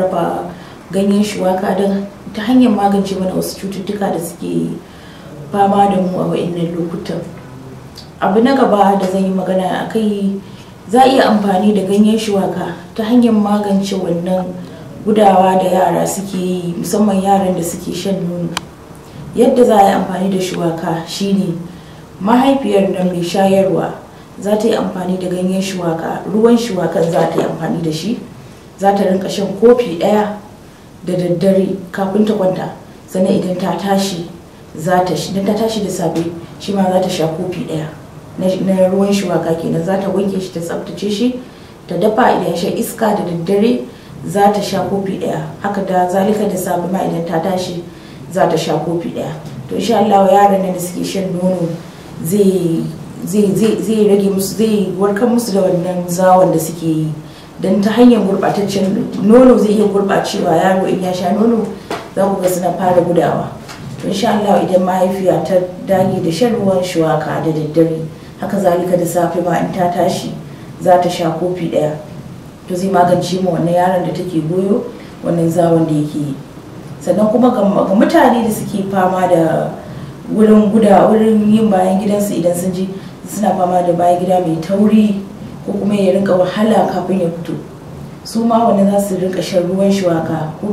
raba ganyen shuwaka don ta hanyar magance mana wasu cututtuka da suke fama da mu a wa'annan lokutan abu na gaba da zan yi magana a kai za a iya amfani da ganyen shuwaka ta hanyar magance wannan gudawa da yara suke yi musamman yaran da suke shan nono yadda za a yi amfani da shuwaka shine mahaifiyar nan mai shayarwa za ta yi amfani da ganyen shuwaka ruwan shuwakan za ta yi amfani da shi za ta rinka shan kofi ɗaya da daddare kafin ta kwanta sannan idan ta tashi za ta idan ta tashi da safe shi ma za ta sha kofi ɗaya na ruwan shuwaka kenan za ta wanke shi ta tsaftace shi ta dafa idan sha iska da daddare za ta sha kofi ɗaya haka da zalika da safe ma idan ta tashi za ta sha kofi ɗaya to insha Allah yaran nan da suke shan nono zai zai rage musu zai warkar musu da wannan zawon da suke yi don ta hanyar gurɓataccen nono zai iya gurɓacewa yaro in ya sha nono za ku ga suna fara gudawa insha Allah idan mahaifiya ta dage da shan ruwan shuwaka da daddare haka zalika da safe ma in ta tashi za ta sha kofi ɗaya to zai magance ma wannan yaron da take goyo wannan zawon da yake yi sannan kuma ga mutane da suke fama da wurin guda wurin yin bayan gidansu idan sun ji suna fama da bayan gida mai tauri ko kuma ya rinka wahala kafin ya fito su ma wani za su rinka shan ruwan shuwaka ko